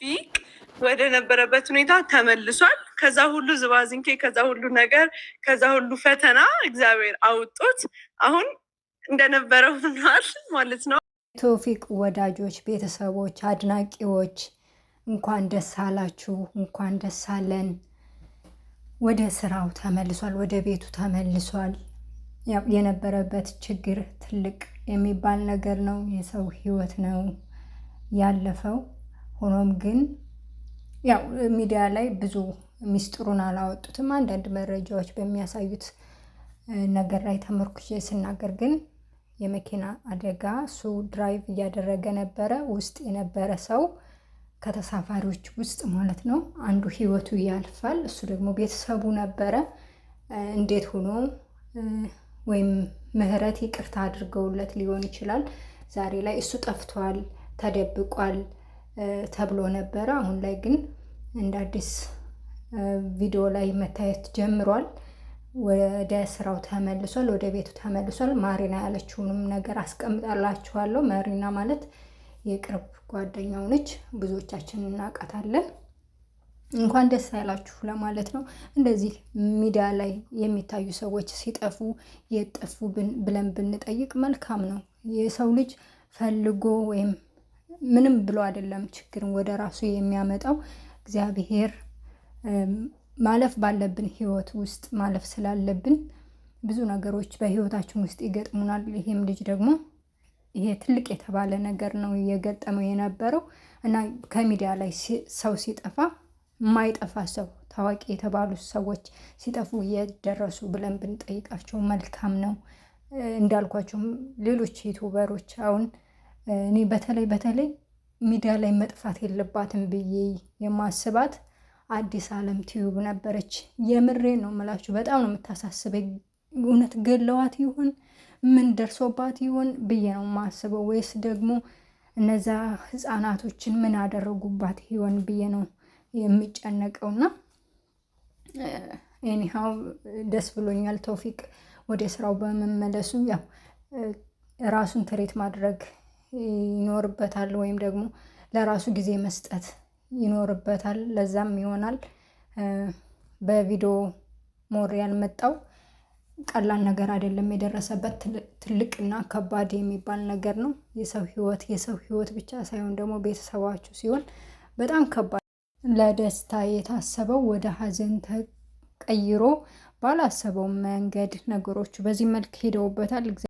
ተውፊቅ ወደ ነበረበት ሁኔታ ተመልሷል። ከዛ ሁሉ ዝባዝንኬ፣ ከዛ ሁሉ ነገር፣ ከዛ ሁሉ ፈተና እግዚአብሔር አውጦት አሁን እንደነበረው ሆኗል ማለት ነው። ቶፊቅ ወዳጆች፣ ቤተሰቦች፣ አድናቂዎች እንኳን ደስ አላችሁ፣ እንኳን ደስ አለን። ወደ ስራው ተመልሷል፣ ወደ ቤቱ ተመልሷል። የነበረበት ችግር ትልቅ የሚባል ነገር ነው። የሰው ህይወት ነው ያለፈው ሆኖም ግን ያው ሚዲያ ላይ ብዙ ሚስጥሩን አላወጡትም። አንዳንድ መረጃዎች በሚያሳዩት ነገር ላይ ተመርኩሼ ስናገር ግን የመኪና አደጋ እሱ ድራይቭ እያደረገ ነበረ። ውስጥ የነበረ ሰው ከተሳፋሪዎች ውስጥ ማለት ነው አንዱ ህይወቱ ያልፋል። እሱ ደግሞ ቤተሰቡ ነበረ። እንዴት ሆኖ ወይም ምህረት ይቅርታ አድርገውለት ሊሆን ይችላል። ዛሬ ላይ እሱ ጠፍቷል፣ ተደብቋል ተብሎ ነበረ። አሁን ላይ ግን እንደ አዲስ ቪዲዮ ላይ መታየት ጀምሯል። ወደ ስራው ተመልሷል፣ ወደ ቤቱ ተመልሷል። ማሪና ያለችውንም ነገር አስቀምጣላችኋለሁ። ማሪና ማለት የቅርብ ጓደኛው ነች፣ ብዙዎቻችን እናውቃታለን። እንኳን ደስ ያላችሁ ለማለት ነው። እንደዚህ ሚዲያ ላይ የሚታዩ ሰዎች ሲጠፉ የጠፉ ብለን ብንጠይቅ መልካም ነው። የሰው ልጅ ፈልጎ ወይም ምንም ብሎ አይደለም ችግርን ወደ ራሱ የሚያመጣው እግዚአብሔር ማለፍ ባለብን ህይወት ውስጥ ማለፍ ስላለብን ብዙ ነገሮች በህይወታችን ውስጥ ይገጥሙናል። ይሄም ልጅ ደግሞ ይሄ ትልቅ የተባለ ነገር ነው እየገጠመው የነበረው እና ከሚዲያ ላይ ሰው ሲጠፋ የማይጠፋ ሰው ታዋቂ የተባሉ ሰዎች ሲጠፉ እየደረሱ ብለን ብንጠይቃቸው መልካም ነው። እንዳልኳቸውም ሌሎች ዩቱበሮች አሁን እኔ በተለይ በተለይ ሚዲያ ላይ መጥፋት የለባትም ብዬ የማስባት አዲስ አለም ቲዩብ ነበረች። የምሬ ነው የምላችሁ፣ በጣም ነው የምታሳስበኝ። እውነት ገለዋት ይሆን ምን ደርሶባት ይሆን ብዬ ነው የማስበው፣ ወይስ ደግሞ እነዛ ህፃናቶችን ምን አደረጉባት ይሆን ብዬ ነው የሚጨነቀው ና። ኤኒሃው ደስ ብሎኛል። ተውፊቅ ወደ ስራው በመመለሱ ያው ራሱን ትሬት ማድረግ ይኖርበታል ወይም ደግሞ ለራሱ ጊዜ መስጠት ይኖርበታል። ለዛም ይሆናል በቪዲዮ ሞር ያልመጣው ቀላል ነገር አይደለም የደረሰበት ትልቅና ከባድ የሚባል ነገር ነው። የሰው ህይወት የሰው ህይወት ብቻ ሳይሆን ደግሞ ቤተሰባችሁ ሲሆን በጣም ከባድ ለደስታ የታሰበው ወደ ሀዘን ተቀይሮ ባላሰበው መንገድ ነገሮቹ በዚህ መልክ ሄደውበታል።